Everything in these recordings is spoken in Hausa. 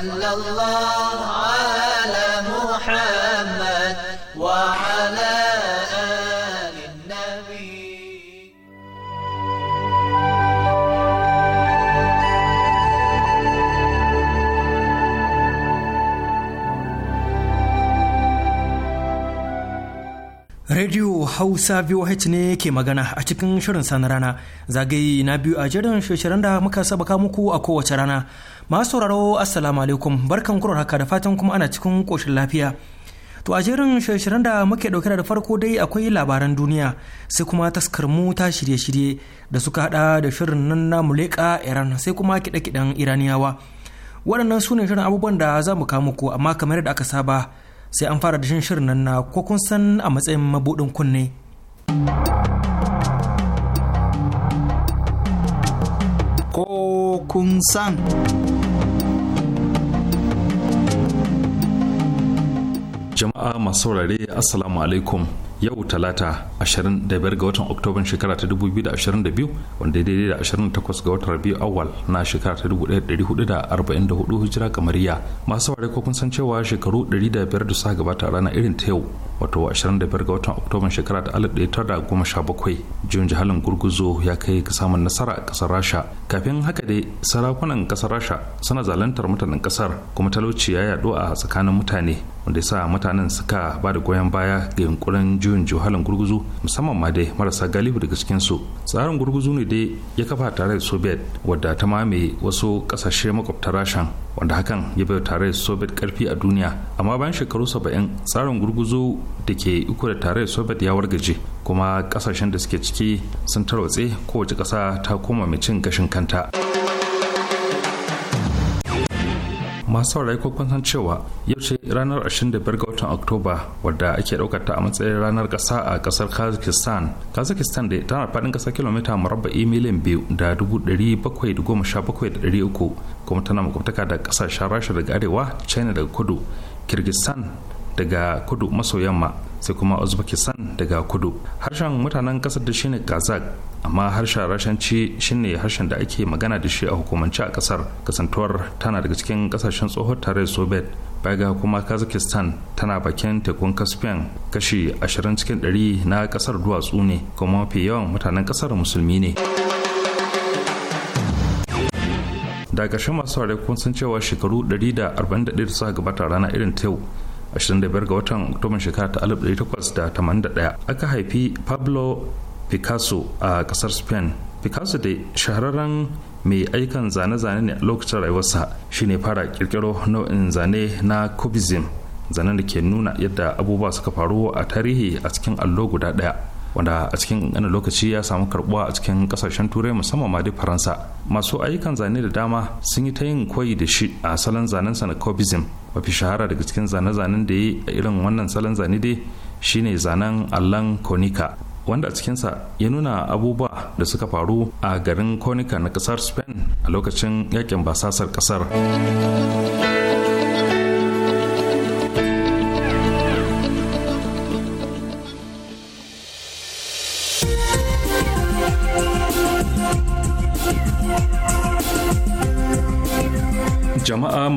صلى الله على محمد وعلى Hausa VOH ne ke magana a cikin shirin sana rana zagaye na biyu a jerin shirin da muka saba ka muku a kowace rana. Masu sauraro Assalamu alaikum barkan kurar haka da fatan kuma ana cikin koshin lafiya. To a jerin shirin da muke dauke da farko dai akwai labaran duniya sai kuma taskar mu ta shirye-shirye da suka hada da shirin nan na muleka Iran sai kuma kiɗe-kiɗen Iraniyawa. Waɗannan su ne shirin abubuwan da za mu kawo muku amma kamar da aka saba sai an fara da shan shirin nan na ko kun san a matsayin mabudin kunne. Ko kun san. Jama'a masu saurare Assalamu alaikum. yau talata 25 ga watan oktoban shekara ta 2022 wanda daidai da 28 ga watan rabiu awal na shekara ta 1444 hijira kamariya masu saurare ko kun san cewa shekaru 105 da suka gabata a ranar irin ta yau wato 25 ga watan oktoban shekara ta 1917 jin jihalin gurguzo ya kai ga samun nasara a kasar rasha kafin haka dai sarakunan kasar rasha suna zalantar mutanen kasar kuma talauci ya yaɗo a tsakanin mutane wanda ya sa mutanen suka ba da goyon baya ga yunkurin juyin juhalin gurguzu musamman ma dai marasa galibu daga cikin su tsarin gurguzu ne dai ya kafa tare da soviet wadda ta mamaye wasu kasashe makwabtar rashan wanda hakan ya bai tare da soviet karfi a duniya amma bayan shekaru saba'in tsarin gurguzu da ke iko da tare da soviet ya wargaje kuma kasashen da suke ciki sun tarwatse kowace kasa ta koma mai cin gashin kanta. masu saurari ko kun san cewa yau ce ranar 25 ga watan oktoba wadda ake daukar ta a matsayin ranar kasa a kasar kazakhstan kazakhstan da tana faɗin kasa kilomita murabba'i miliyan biyu da dubu ɗari bakwai da goma sha bakwai da ɗari uku kuma tana makwabtaka da ƙasashen rasha daga arewa china daga kudu kirgistan daga kudu maso yamma sai kuma uzbekistan daga kudu harshen mutanen kasar da shine kazak amma harshen rashanci shine harshen da ake magana da shi a hukumance a kasar kasantuwar tana daga cikin kasashen tsohon tare soviet baga kuma kazakhstan tana bakin tekun caspian kashi ashirin cikin 100 na kasar duwatsu ne kuma mafi yawan mutanen kasar musulmi ne da ƙarshen masu kun san cewa shekaru 141 suka gabata rana irin ta yau 25 ga watan oktoban shekara 1881 aka haifi pablo picasso a kasar spain picasso da shahararren mai aikan zane-zane ne a lokacin rayuwarsa shine fara kirkiro nau'in zane na cubism zanen da ke nuna yadda abubuwa suka faru a tarihi a cikin allo guda ɗaya wanda a cikin ƙanƙanin lokaci ya samu karbuwa a cikin kasashen turai musamman ma dai faransa masu ayyukan zane da dama sun yi ta yin koyi da shi a salon zanen sa na cubism mafi shahara daga cikin zane-zanen da ya yi a irin wannan salon zane dai shine zanen allan konika wanda a cikinsa ya nuna abubuwa da suka faru a garin konika na kasar spain a lokacin yakin basasar kasar.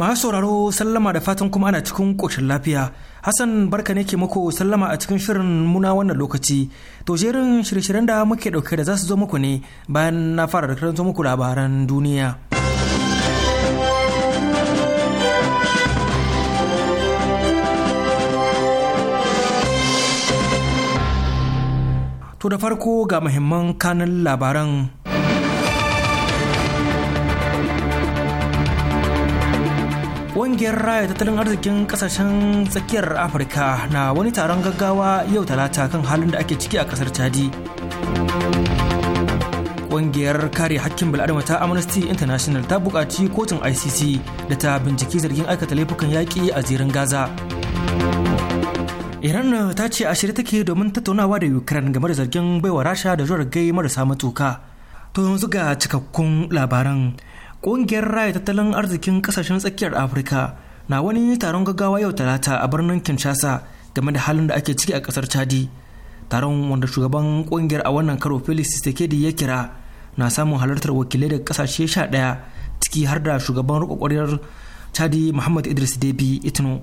masu sauraro sallama da fatan kuma ana cikin ƙoshin lafiya hassan barka ne ke mako sallama a cikin shirin muna wannan lokaci to jerin shirye-shiryen da muke ɗauke da za su zo muku ne bayan na fara da karanto muku labaran duniya to da farko ga muhimman kanan labaran Ƙungiyar raya tattalin arzikin ƙasashen tsakiyar Afirka na wani taron gaggawa yau talata kan halin da ake ciki a ƙasar Chadi. Ƙungiyar kare hakkin bil'adama ta Amnesty International ta buƙaci kotun ICC da ta binciki zargin aikata laifukan yaƙi a zirin Gaza. Iran ta ce a shirye take domin tattaunawa da Ukraine game da zargin baiwa Rasha da gai marasa matuka. To yanzu ga cikakkun labaran. ƙungiyar raya tattalin arzikin ƙasashen tsakiyar afirka na wani taron gaggawa yau talata a birnin kinshasa game da halin da ake ciki a ƙasar chadi taron wanda shugaban ƙungiyar a wannan karo felix tshisekedi ya kira na samun halartar wakilai daga ƙasashe sha ɗaya ciki har da shugaban riƙon chadi muhammad idris debi itno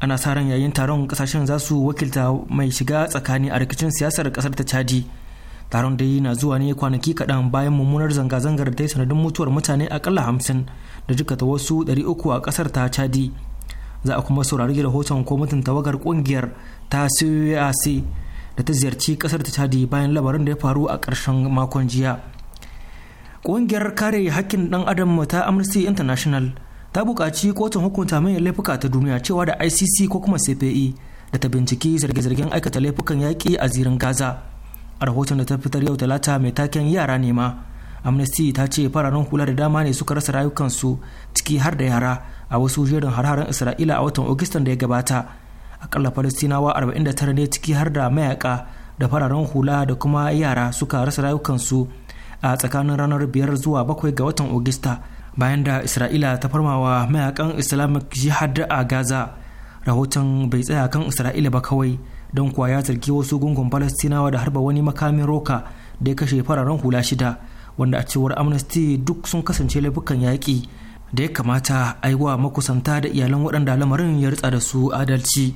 ana sa ran yayin taron ƙasashen za su wakilta mai shiga tsakani a rikicin siyasar ƙasar ta chadi taron yi na zuwa ne kwanaki kaɗan bayan mummunar zanga-zangar da ta yi sanadin mutuwar mutane akalla hamsin da ta wasu ɗari uku a ƙasar ta chadi za a kuma saurari rahoton kwamitin tawagar ƙungiyar ta cac da ta ziyarci ƙasar ta chadi bayan labarin da ya faru a ƙarshen makon jiya ƙungiyar kare haƙƙin ɗan adam ta amnesty international ta buƙaci kotun hukunta mai laifuka ta duniya cewa da icc ko kuma cpe da ta binciki zarge-zargen aikata laifukan yaƙi a zirin gaza a rahoton da ta fitar yau talata mai taken yara ne ma amnesty ta ce fararen hula da dama ne suka rasa rayukansu ciki har da yara a wasu jerin har isra'ila a watan ogistan da ya gabata akalla falastinawa 49 ne ciki har da mayaka da fararen hula da kuma yara suka rasa rayukansu a tsakanin ranar biyar zuwa bakwai ga watan ogista bayan da isra'ila ta farmawa mayakan islamic jihad a gaza rahoton bai tsaya kan isra'ila ba kawai don kuwa ya zargi wasu gungun falastinawa da harba wani makamin roka da ya kashe fararen hula shida wanda a cewar amnesty duk sun kasance laifukan yaƙi da ya kamata a yi wa makusanta da iyalan waɗanda lamarin ya ritsa da su adalci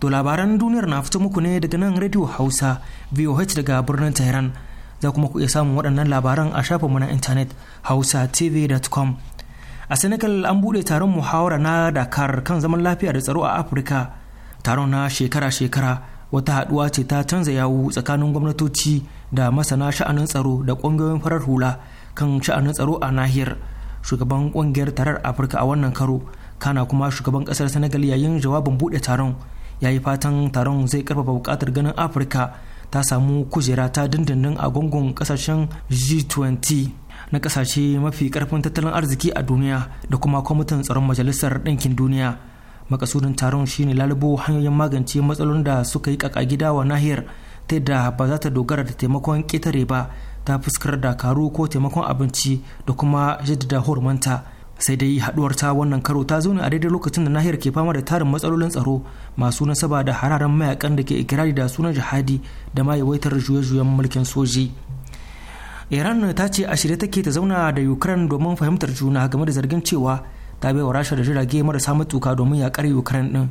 to labaran duniyar na fito muku ne daga nan radio hausa voh daga birnin tehran za kuma ku iya samun waɗannan labaran a shafinmu na intanet hausa hausatv.com a senegal an buɗe taron muhawara na dakar kan zaman lafiya da tsaro a afirka taron na shekara-shekara wata haɗuwa ce ta canza yawu tsakanin gwamnatoci da masana sha'anin tsaro da ƙungiyoyin farar hula kan sha'anin tsaro a nahiyar shugaban ƙungiyar tarar afirka a wannan karo kana kuma shugaban ƙasar senegal yayin jawabin buɗe taron ya yi fatan taron zai karfafa buƙatar ganin afirka ta samu kujera ta dindindin a gungun ƙasashen g20 na ƙasashe mafi karfin tattalin arziki a duniya da kuma kwamitin tsaron majalisar ɗinkin duniya makasudin taron shine lalubo hanyoyin magance matsalolin da suka yi kaka gida wa nahiyar ta yadda ba za ta dogara da taimakon ƙetare ba ta fuskar da dakaru ko taimakon abinci da kuma jaddada hormanta sai dai haduwar ta wannan karo ta zo ne a daidai lokacin da nahiyar ke fama da tarin matsalolin tsaro masu nasaba da hararen mayakan da ke ikirari da sunan jihadi da ma yawaitar juye-juyen mulkin soji iran ta ce a shirye take ta zauna da ukraine domin fahimtar juna game da zargin cewa ta wa rasha da jirage marasa matuka domin yakar ukraine din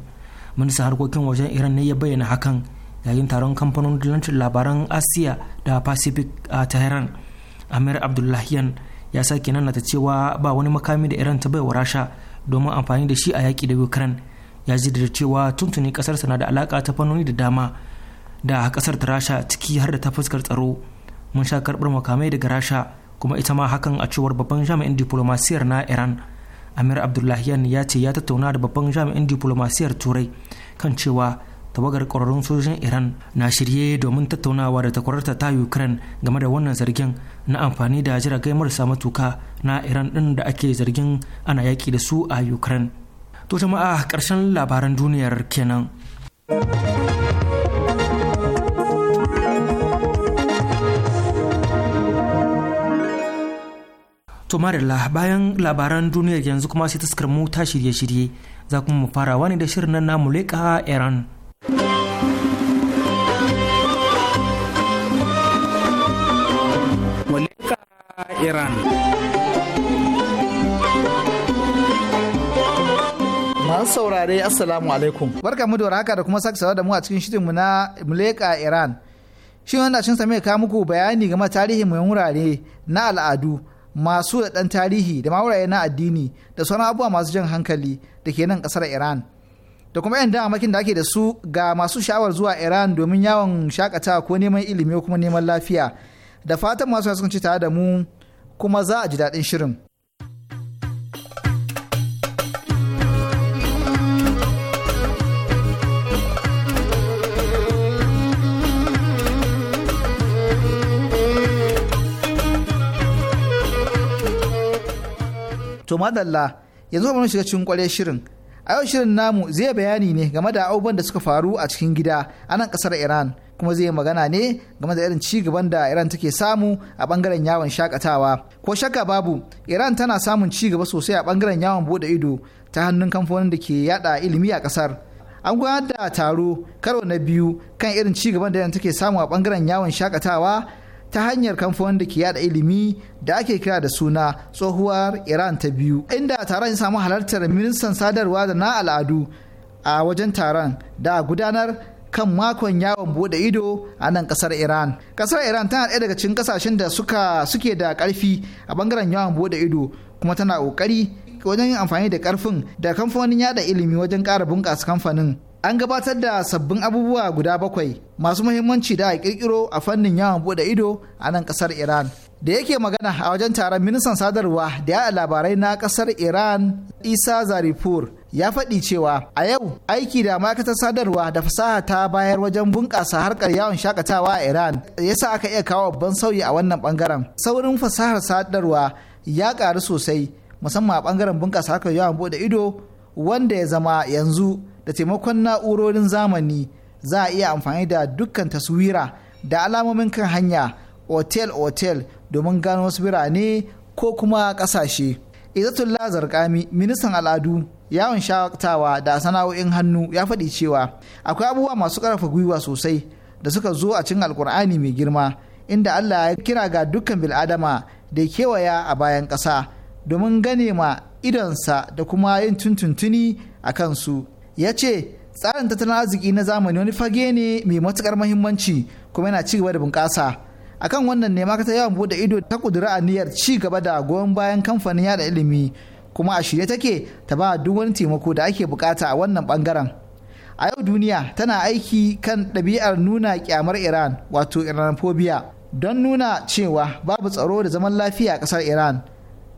ministan harkokin wajen iran ne ya bayyana hakan yayin taron kamfanin dillancin labaran asiya da pacific a tehran amir abdullahian ya sake ta cewa ba wani makami da iran ta bai wa rasha domin amfani da shi a yaki da ukraine ya ji da cewa tuntuni ƙasarsa na da alaka ta fannoni da dama da kasar ta rasha ciki har da ta fuskar tsaro mun sha karbar makamai daga rasha kuma ita ma hakan a cewar babban jami'in diplomasiyar na iran amir abdullahiyan ya ce ya tattauna da babban jami'in diplomasiyar turai kan cewa tawagar kwararrun sojojin iran na shirye domin tattaunawa da takwararta ta ukraine game da wannan zargin na amfani da jiragai marasa matuka na iran din da ake zargin ana yaki da su a ukraine to jama'a karshen labaran duniyar kenan To Marilla bayan labaran duniyar yanzu kuma sai ta mu ta shirye-shirye za kuma mu fara wani da shirin nan namu leƙa Iran. Iran. saurare Assalamu alaikum. Barka mu da haka da kuma sake sawa da mu a cikin shirinmu na Muleka Iran. Shin wanda cin same ka muku bayani game tarihin mai wurare na al'adu masu da ɗan tarihi da mawuraye na addini da sauran abubuwa masu jan hankali da ke nan ƙasar iran da kuma 'yan damakin da ake da su ga masu sha'awar zuwa iran domin yawon shakatawa ko neman ilimi ko kuma neman lafiya da fatan masu sun ci tare da mu kuma za a ji daɗin shirin. To madalla yanzu mu shiga cikin kwarai shirin. A yau shirin namu zai bayani ne game da abubuwan da suka faru a cikin gida a nan kasar Iran kuma zai magana ne game da irin ci gaban da Iran take samu a bangaren yawon shakatawa. Ko shakka babu Iran tana samun ci gaba sosai a bangaren yawon bude ido ta hannun kamfanin da ke yada ilimi a kasar. An gudanar da taro karo na biyu kan irin ci gaban da Iran take samu a bangaren yawon shakatawa ta hanyar kamfanin da ke yada ilimi da ake kira da suna tsohuwar iran ta biyu inda taron ya samu halartar ministan sadarwa da na al'adu a wajen taron da gudanar kan makon yawon bude ido a nan kasar iran kasar iran tana ɗaya daga cikin kasashen da suka suke da karfi a bangaren yawon bude ido kuma tana ƙoƙari wajen yin amfani da karfin da kamfanin yada ilimi wajen ƙara bunƙasa kamfanin an gabatar da sabbin abubuwa guda bakwai masu muhimmanci da a kirkiro a fannin yawon bude ido a nan kasar iran da yake magana a wajen taron ministan sadarwa da ya labarai na kasar iran isa zarifur ya faɗi cewa a yau aiki da ma'aikatar sadarwa da fasaha ta bayar wajen bunƙasa harkar yawon shakatawa a iran ya sa aka iya kawo babban sauyi a wannan bangaren saurin fasahar sadarwa ya ƙaru sosai musamman a bangaren bunƙasa harkar yawon bude ido wanda ya zama yanzu da taimakon na'urorin zamani za a iya amfani da dukkan taswira da alamomin kan hanya otel-otel domin gano wasu birane ko kuma ƙasashe. izatullah Zarkami, ministan al'adu, yawon shakatawa da sana'o'in hannu ya faɗi cewa akwai abubuwa masu ƙarfafa gwiwa sosai da suka zo a cin alkur'ani mai girma inda Allah ya kira ga dukkan bil'adama da kewaya a bayan ƙasa domin gane ma idonsa da kuma yin tuntuntuni a kansu. ya ce tsarin tattalin arziki na zamani wani fage ne mai matukar mahimmanci kuma yana ci gaba da bunƙasa akan wannan ne maka ta yawan bude ido ta kudura aniyar ci gaba da goyon bayan kamfanin yada ilimi kuma a shirye take ta ba duk wani taimako da ake bukata a wannan bangaren a yau duniya tana aiki kan ɗabi'ar nuna kyamar iran wato iranophobia don nuna cewa babu tsaro da zaman lafiya a ƙasar iran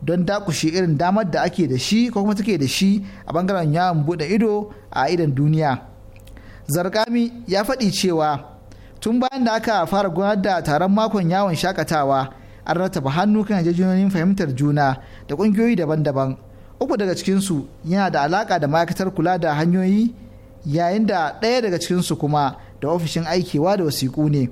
don dakushe irin damar da ake da shi ko kuma take da shi a bangaren yawon bude ido a idan duniya zargami ya faɗi cewa tun bayan da aka fara gudanar da taron makon yawon shakatawa an rataba hannu kan yarjejeniyoyin fahimtar juna da ƙungiyoyi daban-daban uku daga cikinsu yana da alaƙa da ma'aikatar kula da hanyoyi yayin da ɗaya daga cikinsu kuma da ofishin aikewa da wasiƙu ne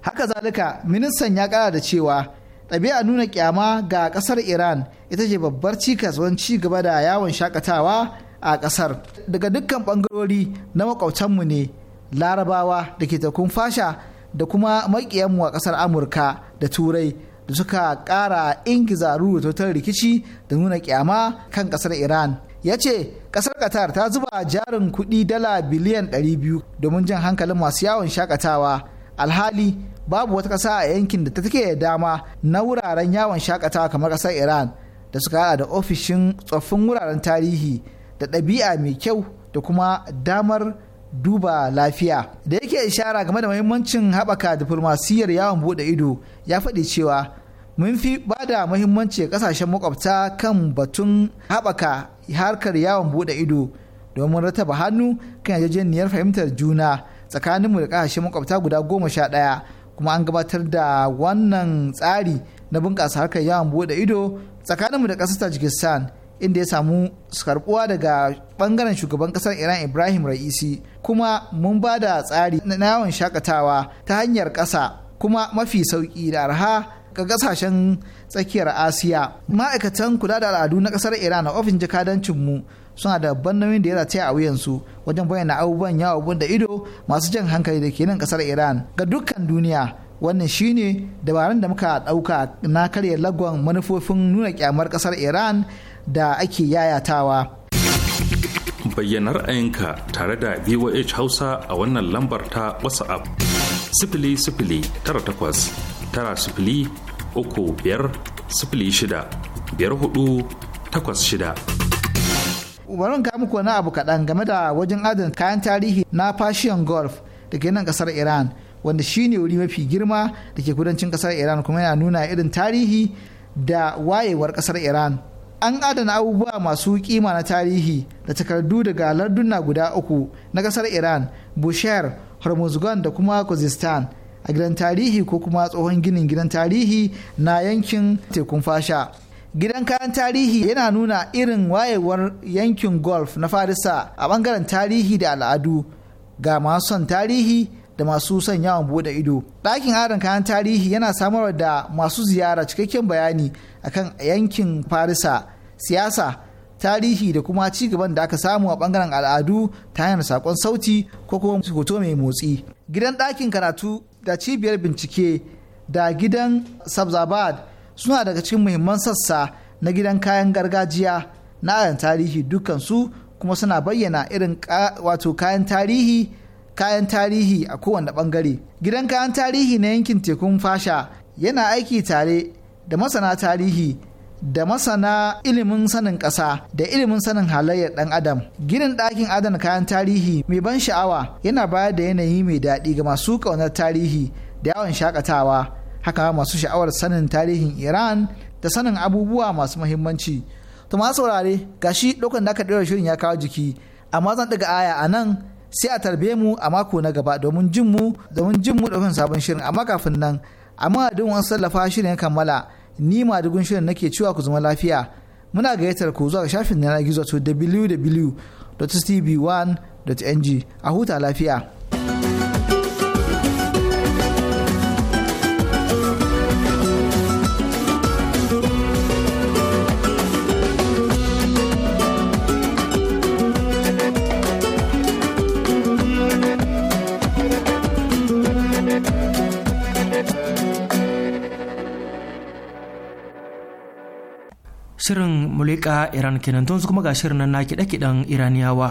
haka zalika ministan ya ƙara da cewa ɗabi'a nuna kyama ga ƙasar iran ita ce babbar cikas wani ci gaba da yawon shakatawa a ƙasar daga dukkan ɓangarori na mu ne larabawa da ke takun fasha da kuma maƙiyanmu a ƙasar amurka da turai da suka ƙara ingiza rurutautar rikici da nuna kyama kan ƙasar iran ya ce ƙasar qatar ta zuba jarin kuɗi dala biliyan 200 domin jan hankalin masu yawon shakatawa alhali babu wata ƙasa a yankin da ta take dama na wuraren yawon shakatawa kamar ƙasar iran da suka hada da ofishin tsoffin wuraren tarihi da ɗabi'a mai kyau da kuma damar duba lafiya da yake ishara game da muhimmancin haɓaka diflomasiyyar yawon buɗe ido ya faɗi cewa mun fi ba da muhimmanci ga ƙasashen makwabta kan batun haɓaka harkar yawon buɗe ido domin rataba hannu kan yarjejeniyar fahimtar juna tsakaninmu da kasashen makwabta guda goma sha ɗaya kuma an gabatar da wannan tsari na bunƙasa harkar yawon buɗe ido tsakaninmu da ƙasar tajikistan inda ya samu karbuwa daga bangaren shugaban ƙasar iran ibrahim ra'isi kuma mun ba da tsari na yawon shakatawa ta hanyar ƙasa kuma mafi sauƙi da arha ga ƙasashen tsakiyar asiya ma'aikatan kula da al'adu na ƙasar iran a ofin jakadancinmu suna da babban nauyin da ya zace a wuyansu wajen bayyana abubuwan yawon da ido masu jan hankali da ke nan kasar iran ga dukkan duniya wannan shine dabarun da muka dauka na karya lagon manufofin nuna kyamar kasar iran da ake yayatawa bayyana ra'ayinka tare da voh hausa a wannan lambar ta whatsapp sifili sifili tara takwas tara sifili uku biyar sifili shida biyar hudu takwas shida bari ga muku wani abu kaɗan game da wajen adana kayan tarihi na Persian Gulf da ke nan ƙasar iran wanda shi ne wuri mafi girma da ke kudancin ƙasar iran kuma yana nuna irin tarihi da wayewar ƙasar iran an adana abubuwa masu kima na tarihi da takardu daga larduna guda uku na ƙasar iran Bushehr, hormuzgan da kuma kuzistan a gidan tarihi ko kuma tsohon ginin gidan tarihi na yankin tekun fasha gidan kayan tarihi yana nuna irin wayewar yankin golf na farisa a bangaren tarihi da al'adu ga masu son tarihi da masu son yawon bude ido ɗakin adon kayan tarihi yana samar da masu ziyara cikakken bayani akan yankin farisa siyasa tarihi da kuma ci gaban da aka samu a bangaren al'adu ta hanyar sakon sauti ko kuma hoto mai motsi gidan ɗakin karatu da cibiyar bincike da gidan sabzabad suna daga cikin muhimman sassa na gidan kayan gargajiya na adana tarihi dukansu kuma suna bayyana irin wato kayan tarihi kayan tarihi a kowane bangare gidan kayan tarihi na yankin tekun fasha yana aiki tare da masana tarihi da masana ilimin sanin ƙasa da ilimin sanin halayyar ɗan adam ginin ɗakin adana kayan tarihi mai ban sha'awa yana bayar da yanayi mai daɗi ga masu ƙaunar tarihi da yawon shakatawa haka masu sha'awar sanin tarihin iran da sanin abubuwa masu mahimmanci to masu saurare gashi lokacin da aka ɗora shirin ya kawo jiki amma zan daga aya a nan sai a tarbe mu a mako na gaba domin jin mu domin jin mu ɗaukan sabon shirin amma kafin nan amma duk wani sallafa shirin ya kammala ni ma dugun shirin nake cewa ku zama lafiya muna gayyatar ku zuwa shafin na gizo to www.tv1.ng a huta lafiya. Shirin Mulika Iran kenan tun su kuma ga shirin na kiɗe-kiɗen Iraniyawa.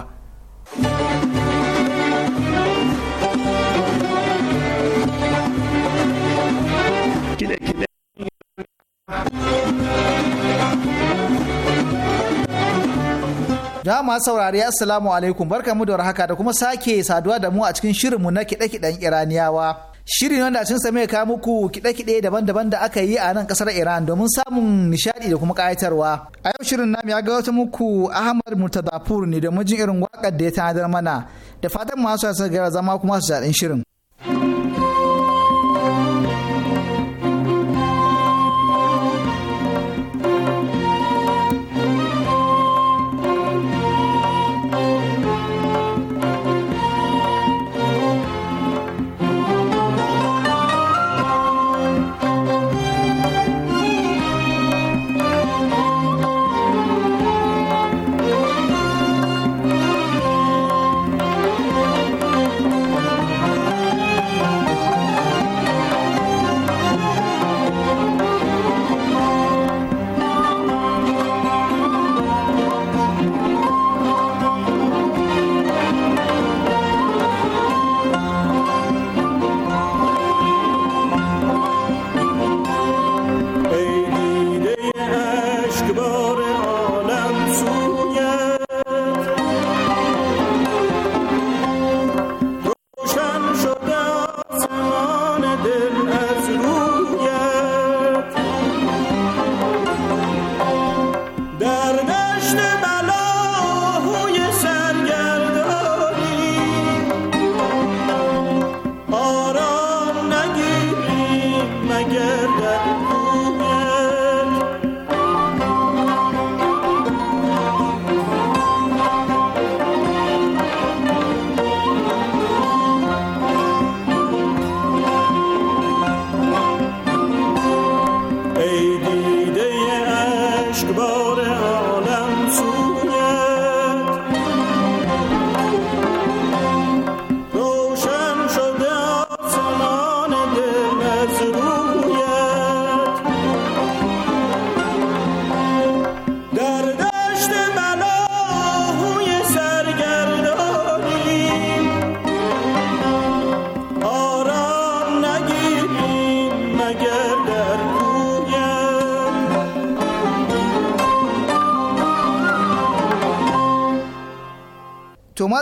Da saurari Assalamu alaikum barkamu da warhaka da kuma sake saduwa da mu a cikin shirinmu na kiɗe-kiɗen Iraniyawa. shirin wanda sun same ka muku kide kiɗe daban-daban da aka yi a nan kasar Iran domin samun nishadi da kuma kayatarwa. A yau shirin nam ya ga wata muku Ahmad Murtadapur ne domin jin irin wakar da ya tanadar mana da fatan masu yasa gara zama kuma su jaɗin shirin.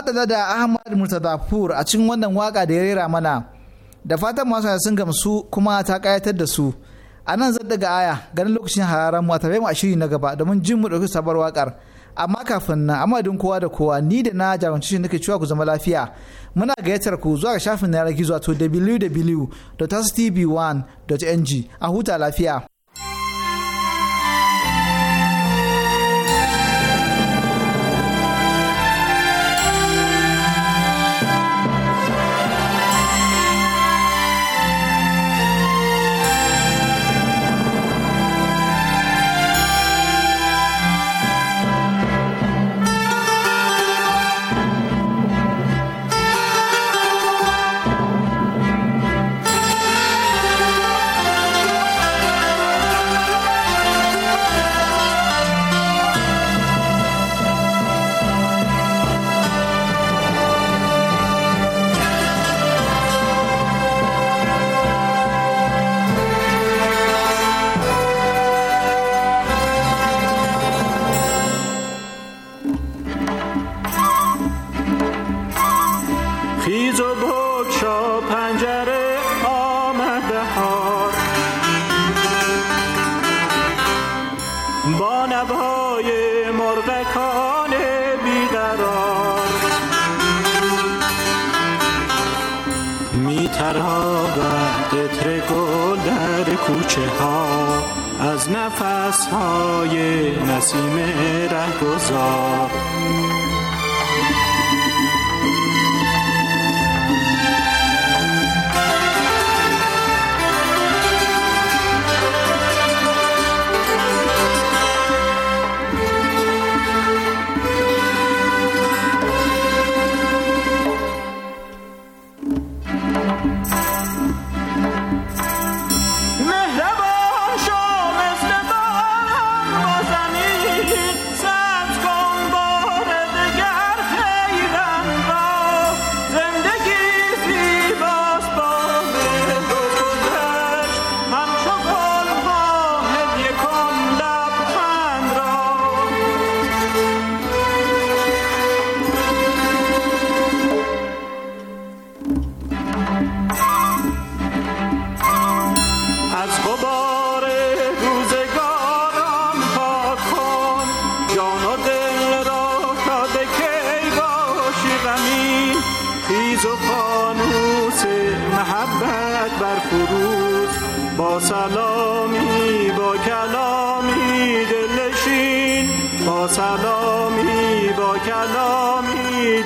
faɗaɗa da Ahmad Murtadafur a cikin wannan waka da ya rera mana. Da fatan masu sun gamsu kuma ta ƙayatar da su. A nan zan daga aya ganin lokacin hararen mu a tare mu a shiri na gaba domin jin mu ɗauki sabar wakar. Amma kafin nan amadin kowa da kowa ni da na jarumci shi nake cewa ku zama lafiya. Muna gayyatar ku zuwa ga shafin na yanar gizo to www.tv1.ng a huta lafiya.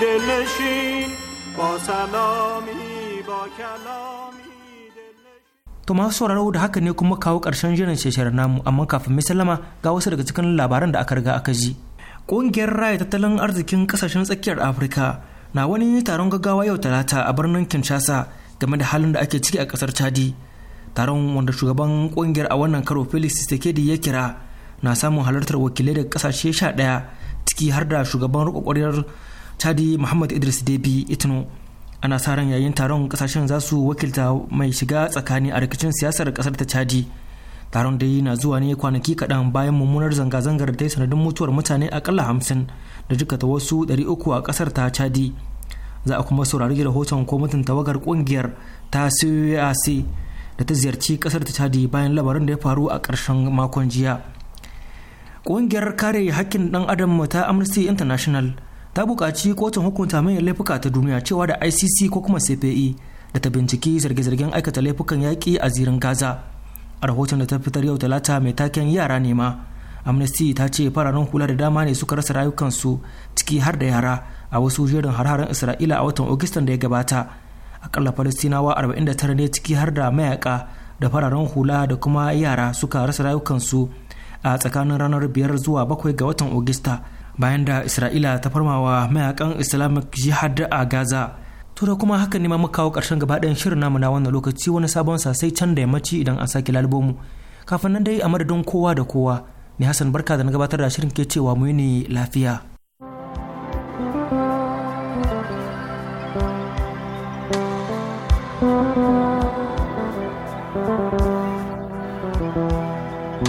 دلنشین با To masu sauraro da haka ne kuma kawo ƙarshen jiran shekarar namu amma kafin mai sallama ga wasu daga cikin labaran da aka riga aka ji. Ƙungiyar raya tattalin arzikin ƙasashen tsakiyar Afirka na wani taron gaggawa yau talata a birnin Kinshasa game da halin da ake ciki a ƙasar Chadi. Taron wanda shugaban ƙungiyar a wannan karo Felix Tshisekedi ya kira na samun halartar wakilai daga ƙasashe sha ɗaya ciki har da shugaban riƙo chadi muhammad idris debi itno ana sa ran yayin taron kasashen za su wakilta mai shiga tsakani a rikicin siyasar kasar ta chadi taron da yi na zuwa ne kwanaki kaɗan bayan mummunar zanga-zangar da sanadin mutuwar mutane akalla hamsin da ta wasu 300 a kasar ta chadi za a kuma saurari rahoton kwamitin tawagar ƙungiyar ta cac da ta ziyarci kasar ta chadi bayan labarin da ya faru a ƙarshen makon jiya ƙungiyar kare hakkin ɗan adam ta amnesty international ta buƙaci kotun hukunta manyan laifuka ta duniya cewa da icc ko kuma cpe da ta binciki zarge-zargen aikata laifukan yaƙi a zirin gaza a rahoton da ta fitar yau talata mai taken yara ne ma amnesty ta ce fararen hula da dama ne suka rasa rayukansu ciki har da yara a wasu jerin har isra'ila a watan ogistan da ya gabata akalla falastinawa 49 ne ciki har da mayaka da fararen hula da kuma yara suka rasa rayukansu a tsakanin ranar biyar zuwa bakwai ga watan ogista bayan da isra'ila ta farmawa mayakan islamic jihad a gaza to da kuma haka ne ma muka kawo karshen gaba ɗayan shirin namu na wannan lokaci wani sabon sa sai can da yammaci idan an sake lalbomu kafin nan dai a madadin kowa da kowa ne hassan barka da na gabatar da shirin ke cewa mu ne lafiya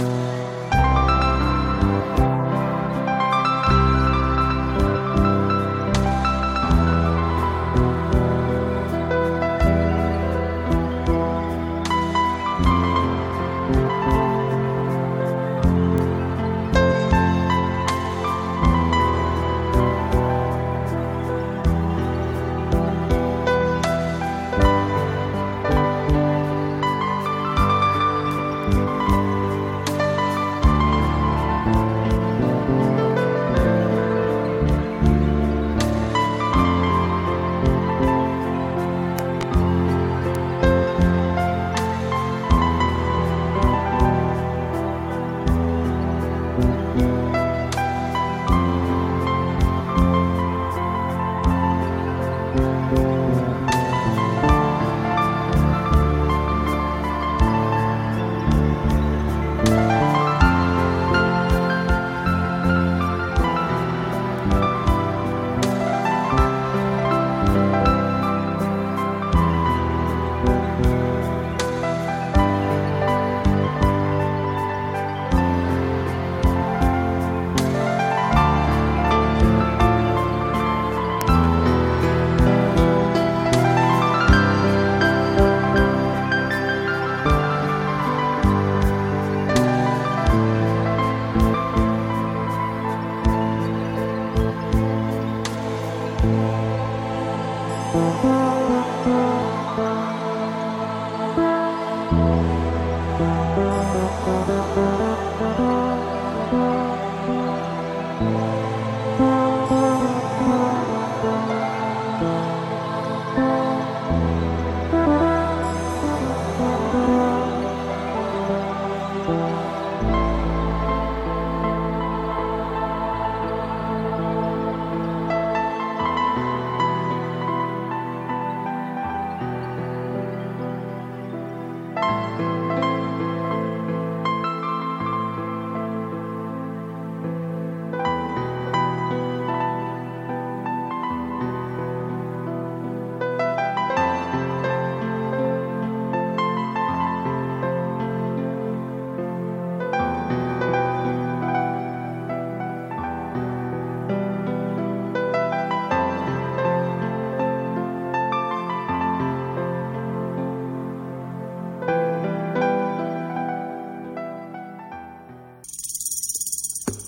thank you